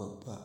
ಬೊಬ್ಬ